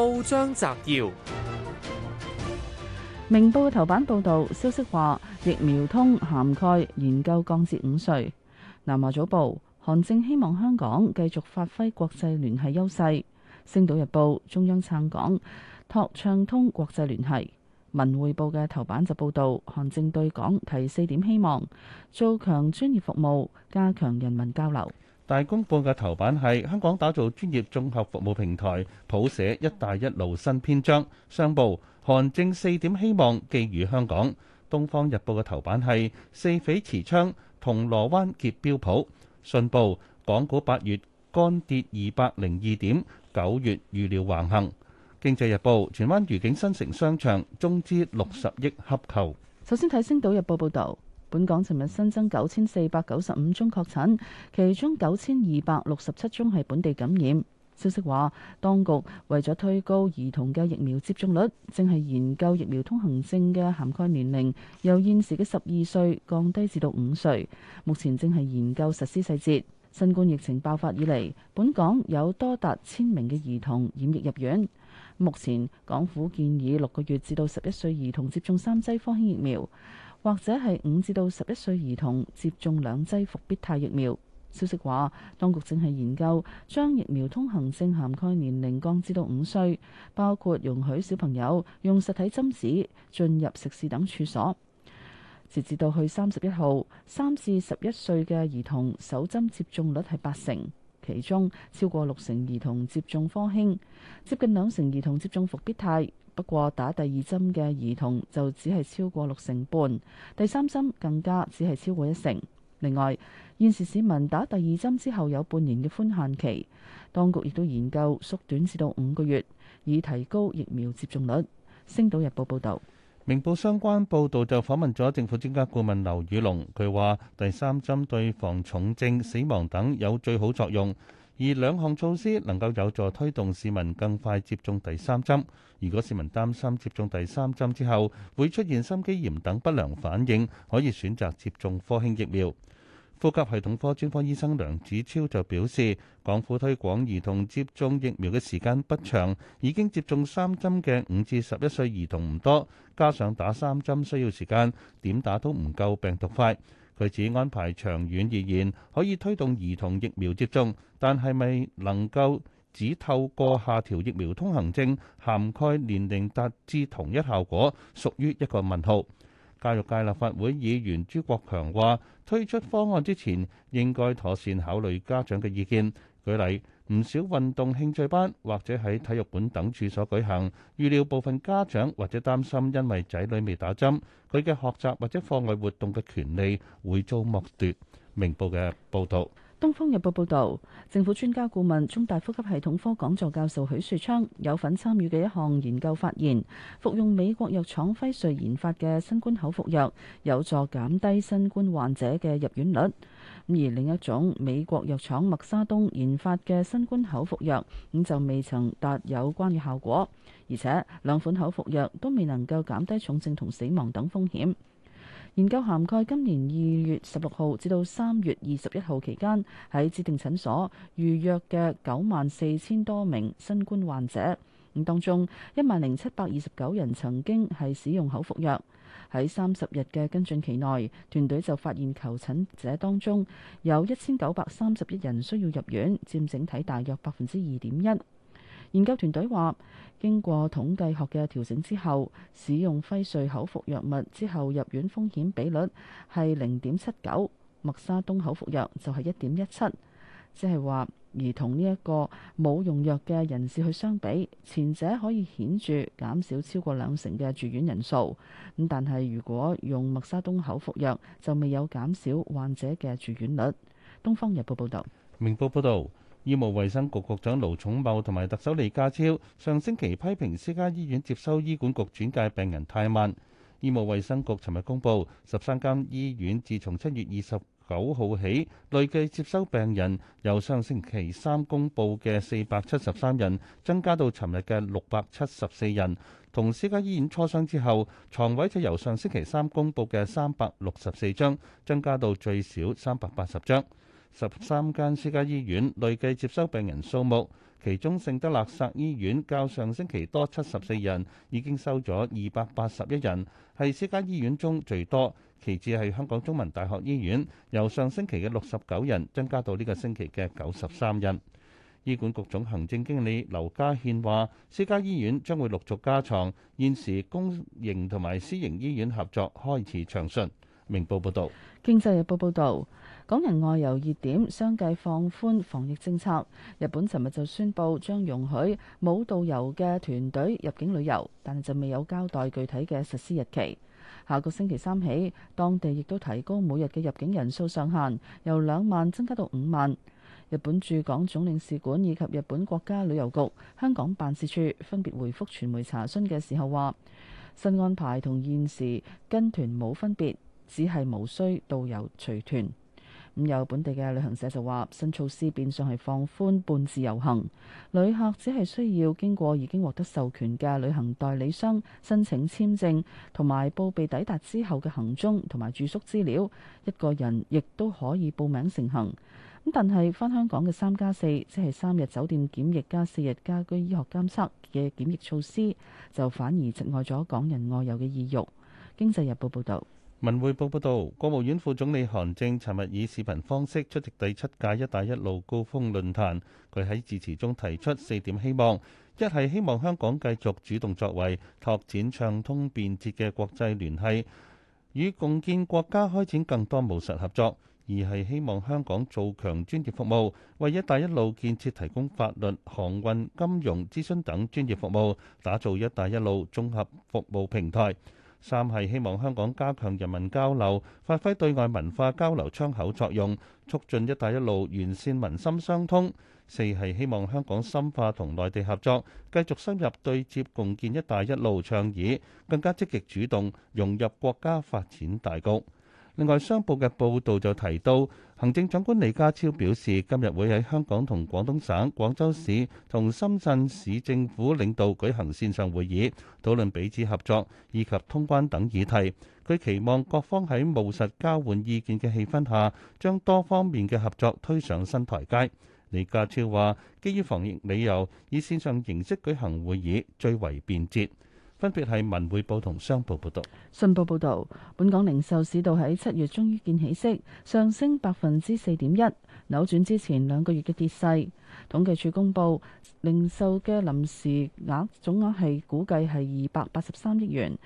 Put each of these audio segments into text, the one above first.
報章摘要：明報嘅頭版報道，消息話疫苗通涵蓋研究降至五歲。南華早報，韓正希望香港繼續發揮國際聯繫優勢。星島日報，中央撐港，拓暢通國際聯繫。文匯報嘅頭版就報道，韓正對港提四點希望：做強專業服務，加強人民交流。大公報嘅頭版係香港打造專業綜合服務平台，譜寫“一帶一路”新篇章。商報，韓正四點希望寄予香港。《東方日報》嘅頭版係四匪持槍，銅鑼灣劫錶舖。信報，港股八月乾跌二百零二點，九月預料橫行。《經濟日報》，荃灣愉景新城商場中資六十億洽購。首先睇《星島日報》報道。本港尋日新增九千四百九十五宗確診，其中九千二百六十七宗係本地感染。消息話，當局為咗推高兒童嘅疫苗接種率，正係研究疫苗通行證嘅涵蓋年齡，由現時嘅十二歲降低至到五歲。目前正係研究實施細節。新冠疫情爆發以嚟，本港有多達千名嘅兒童染疫入院。目前港府建議六個月至到十一歲兒童接種三劑科興疫苗。或者係五至到十一歲兒童接種兩劑復必泰疫苗。消息話，當局正係研究將疫苗通行證涵蓋年齡降至到五歲，包括容許小朋友用實體針紙進入食肆等處所。截至到去三十一號，三至十一歲嘅兒童首針接種率係八成，其中超過六成兒童接種科興，接近兩成兒童接種復必泰。不過，打第二針嘅兒童就只係超過六成半，第三針更加只係超過一成。另外，現時市民打第二針之後有半年嘅寬限期，當局亦都研究縮短至到五個月，以提高疫苗接種率。星島日報報道：「明報相關報道就訪問咗政府專家顧問劉宇龍，佢話第三針對防重症、死亡等有最好作用。」而兩項措施能夠有助推動市民更快接種第三針，如果市民擔心接種第三針之後會出現心肌炎等不良反應，可以選擇接種科興疫苗。呼吸系統科專科醫生梁子超就表示，港府推廣兒童接種疫苗嘅時間不長，已經接種三針嘅五至十一歲兒童唔多，加上打三針需要時間，點打都唔夠病毒快。佢指安排長遠而言可以推動兒童疫苗接種，但係咪能夠只透過下調疫苗通行證涵蓋年齡達至同一效果，屬於一個問號。教育界立法會議員朱國強話，推出方案之前，應該妥善考慮家長嘅意見。舉例。唔少運動興趣班或者喺體育館等處所舉行，預料部分家長或者擔心，因為仔女未打針，佢嘅學習或者課外活動嘅權利會遭剝奪。明報嘅報導。《東方日報》報導，政府專家顧問、中大呼吸系統科講座教授許樹昌有份參與嘅一項研究發現，服用美國藥廠輝瑞研發嘅新冠口服藥有助減低新冠患者嘅入院率。而另一種美國藥廠默沙東研發嘅新冠口服藥，咁就未曾達有關嘅效果，而且兩款口服藥都未能夠減低重症同死亡等風險。研究涵蓋今年二月十六號至到三月二十一號期間，喺指定診所預約嘅九萬四千多名新冠患者，咁當中一萬零七百二十九人曾經係使用口服藥。喺三十日嘅跟進期內，團隊就發現求診者當中有一千九百三十一人需要入院，佔整體大約百分之二點一。研究團隊話，經過統計學嘅調整之後，使用輝瑞口服藥物之後入院風險比率係零點七九，默沙東口服藥就係一點一七，即係話而同呢一個冇用藥嘅人士去相比，前者可以顯著減少超過兩成嘅住院人數。咁但係如果用默沙東口服藥，就未有減少患者嘅住院率。《東方日報》報道。《明報》報導。醫務衛生局局長盧寵茂同埋特首李家超上星期批評私家醫院接收醫管局轉介病人太慢。醫務衛生局尋日公布，十三間醫院自從七月二十九號起，累計接收病人由上星期三公布嘅四百七十三人，增加到尋日嘅六百七十四人，同私家醫院磋商之後，床位就由上星期三公布嘅三百六十四張，增加到最少三百八十張。十三間私家醫院累計接收病人數目，其中聖德肋撒醫院較上星期多七十四人，已經收咗二百八十一人，係私家醫院中最多。其次係香港中文大學醫院，由上星期嘅六十九人增加到呢個星期嘅九十三人。醫管局總行政經理劉家獻話：私家醫院將會陸續加床。現時公營同埋私營醫院合作開始暢順。明報報道，《經濟日報》報導，港人外遊熱點相繼放寬防疫政策。日本尋日就宣布將容許冇導遊嘅團隊入境旅遊，但就未有交代具體嘅實施日期。下個星期三起，當地亦都提高每日嘅入境人數上限，由兩萬增加到五萬。日本駐港總領事館以及日本國家旅遊局香港辦事處分別回覆傳媒查詢嘅時候話：新安排同現時跟團冇分別。只係無需導遊隨團咁，有本地嘅旅行社就話，新措施變相係放寬半自由行，旅客只係需要經過已經獲得授權嘅旅行代理商申請簽證，同埋報備抵達之後嘅行蹤同埋住宿資料。一個人亦都可以報名成行咁，但係返香港嘅三加四，即係三日酒店檢疫加四日家居醫學監測嘅檢疫措施，就反而窒礙咗港人外遊嘅意欲。經濟日報報導。文匯報報道，國務院副總理韓正尋日以視頻方式出席第七屆“一帶一路”高峰論壇。佢喺致辭中提出四點希望：一係希望香港繼續主動作為，拓展暢通便捷嘅國際聯繫，與共建國家開展更多務實合作；二係希望香港做強專業服務，為“一帶一路”建設提供法律、航運、金融、諮詢等專業服務，打造“一帶一路”綜合服務平台。三係希望香港加強人民交流，發揮對外文化交流窗口作用，促進一帶一路，完善民心相通。四係希望香港深化同內地合作，繼續深入對接共建一帶一路倡議，更加積極主動融入國家發展大局。另外，商報嘅報道就提到，行政長官李家超表示，今日會喺香港同廣東省、廣州市同深圳市政府領導舉行線上會議，討論彼此合作以及通關等議題。佢期望各方喺務實交換意見嘅氣氛下，將多方面嘅合作推上新台階。李家超話，基於防疫理由，以線上形式舉行會議，最為便捷。分別係文匯報同商報報道。信報報道，本港零售市道喺七月終於見起色，上升百分之四點一，扭轉之前兩個月嘅跌勢。統計處公佈零售嘅臨時額總額係估計係二百八十三億元，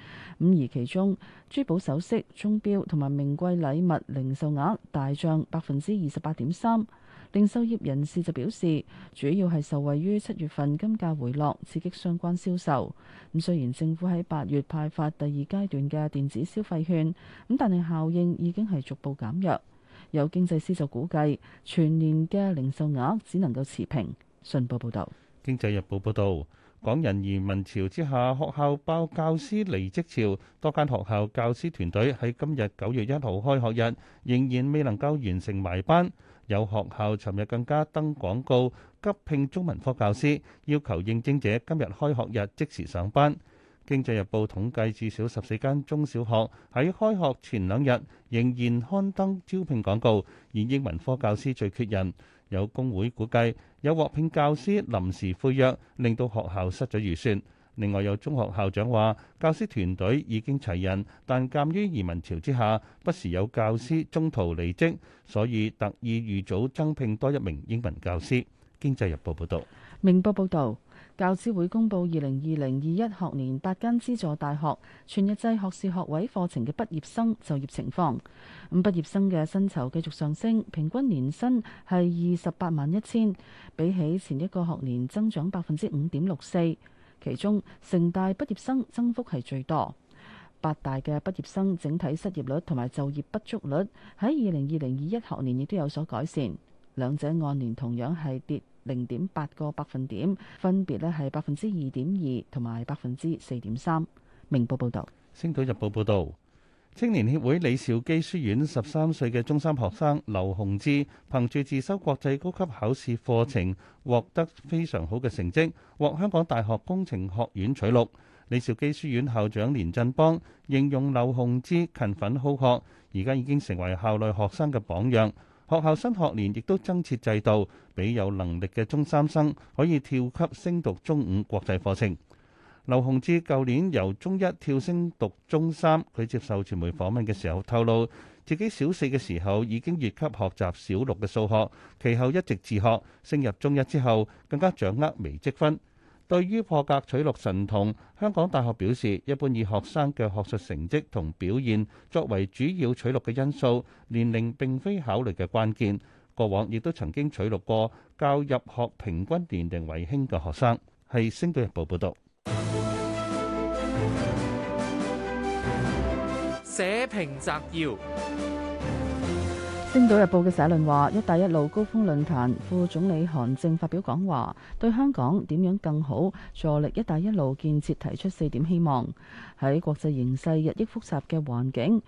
咁而其中珠寶首飾、鐘錶同埋名貴禮物零售額大漲百分之二十八點三。零售業人士就表示，主要係受惠於七月份金價回落刺激相關銷售。咁雖然政府喺八月派發第二階段嘅電子消費券，咁但係效應已經係逐步減弱。有經濟師就估計，全年嘅零售額只能夠持平。信報報道。《經濟日報》報道，港人移民潮之下，學校爆教師離職潮，多間學校教師團隊喺今日九月一號開學日仍然未能夠完成埋班，有學校尋日更加登廣告急聘中文科教師，要求應徵者今日開學日即時上班。經濟日報統計，至少十四間中小學喺開學前兩日仍然刊登招聘廣告，而英文科教師最缺人。有工會估計，有獲聘教師臨時悔約，令到學校失咗預算。另外，有中學校長話，教師團隊已經齊人，但鑑於移民潮之下，不時有教師中途離職，所以特意預早增聘多一名英文教師。經濟日報報道。明報報道。教資會公布，二零二零二一學年八間資助大學全日制學士學位課程嘅畢業生就業情況。咁畢業生嘅薪酬繼續上升，平均年薪係二十八萬一千，比起前一個學年增長百分之五點六四。其中城大畢業生增幅係最多，八大嘅畢業生整體失業率同埋就業不足率喺二零二零二一學年亦都有所改善，兩者按年同樣係跌。零點八個百分點，分別咧，係百分之二點二同埋百分之四點三。明報報導。星島日報報導，青年協會李兆基書院十三歲嘅中三學生劉鴻志，憑住自修國際高級考試課程獲得非常好嘅成績，獲香港大學工程學院取錄。李兆基書院校長連振邦形容劉鴻志勤奮好學，而家已經成為校內學生嘅榜樣。學校新學年亦都增設制度，俾有能力嘅中三生可以跳級升讀中五國際課程。劉洪志舊年由中一跳升讀中三，佢接受傳媒訪問嘅時候透露，自己小四嘅時候已經越級學習小六嘅數學，其後一直自學，升入中一之後更加掌握微積分。對於破格取錄神童，香港大學表示，一般以學生嘅學術成績同表現作為主要取錄嘅因素，年齡並非考慮嘅關鍵。過往亦都曾經取錄過較入學平均年齡為輕嘅學生。係星島日報報導。社評摘要。《星島日報》嘅社論話，一帶一路高峰論壇副總理韓正發表講話，對香港點樣更好助力一帶一路建設提出四點希望。喺國際形勢日益複雜嘅環境，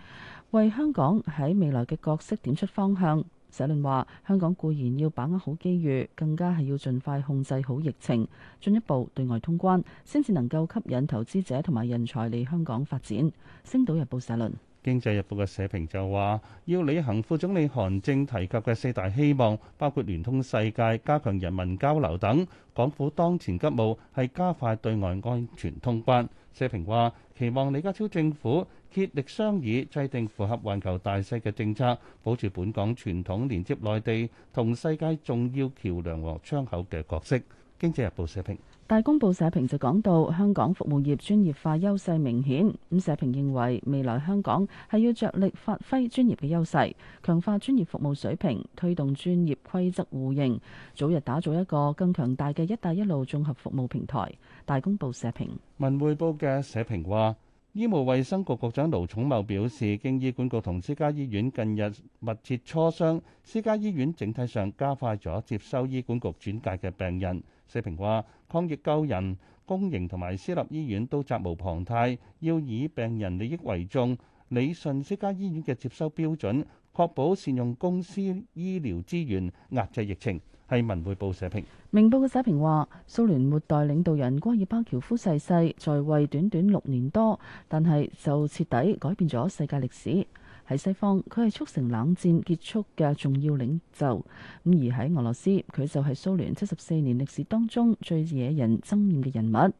為香港喺未來嘅角色點出方向。社論話，香港固然要把握好機遇，更加係要盡快控制好疫情，進一步對外通關，先至能夠吸引投資者同埋人才嚟香港發展。《星島日報》社論。《經濟日報》嘅社評就話：要履行副總理韓正提及嘅四大希望，包括聯通世界、加強人民交流等。港府當前急務係加快對外安全通關。社評話：期望李家超政府竭力商議、制定符合環球大勢嘅政策，保住本港傳統連接內地同世界重要橋梁和窗口嘅角色。《經濟日報》社評。大公報社評就講到，香港服務業專業化優勢明顯，咁社評認為未來香港係要着力發揮專業嘅優勢，強化專業服務水平，推動專業規則互認，早日打造一個更強大嘅一帶一路綜合服務平台。大公報社評，文匯報嘅社評話，醫務衛生局局長盧寵茂表示，經醫管局同私家醫院近日密切磋商，私家醫院整體上加快咗接收醫管局轉介嘅病人。社評話抗疫救人，公營同埋私立醫院都責無旁貸，要以病人利益為重，理順私家醫院嘅接收標準，確保善用公私醫療資源，壓制疫情。係文匯報社評。明報嘅社評話，蘇聯末代領導人戈爾巴喬夫逝世，在位短短六年多，但係就徹底改變咗世界歷史。喺西方，佢係促成冷戰結束嘅重要領袖，咁而喺俄羅斯，佢就係蘇聯七十四年歷史當中最惹人憎厭嘅人物。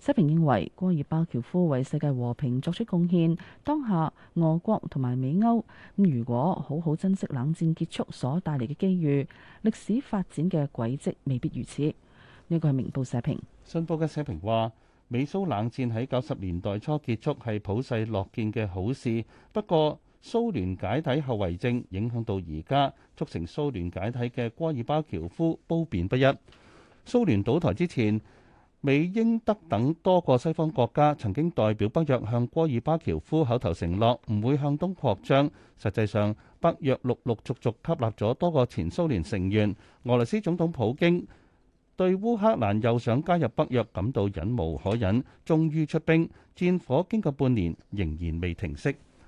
社評認為，戈爾巴喬夫為世界和平作出貢獻，當下俄國同埋美歐咁如果好好珍惜冷戰結束所帶嚟嘅機遇，歷史發展嘅軌跡未必如此。呢個係明報社評。信報嘅社評話，美蘇冷戰喺九十年代初結束係普世樂見嘅好事，不過。蘇聯解體後遺症影響到而家，促成蘇聯解體嘅戈爾巴喬夫褒貶不一。蘇聯倒台之前，美英德等多個西方國家曾經代表北約向戈爾巴喬夫口頭承諾唔會向東擴張。實際上，北約陸陸續續吸納咗多個前蘇聯成員，俄羅斯總統普京對烏克蘭又想加入北約感到忍無可忍，終於出兵。戰火經過半年，仍然未停息。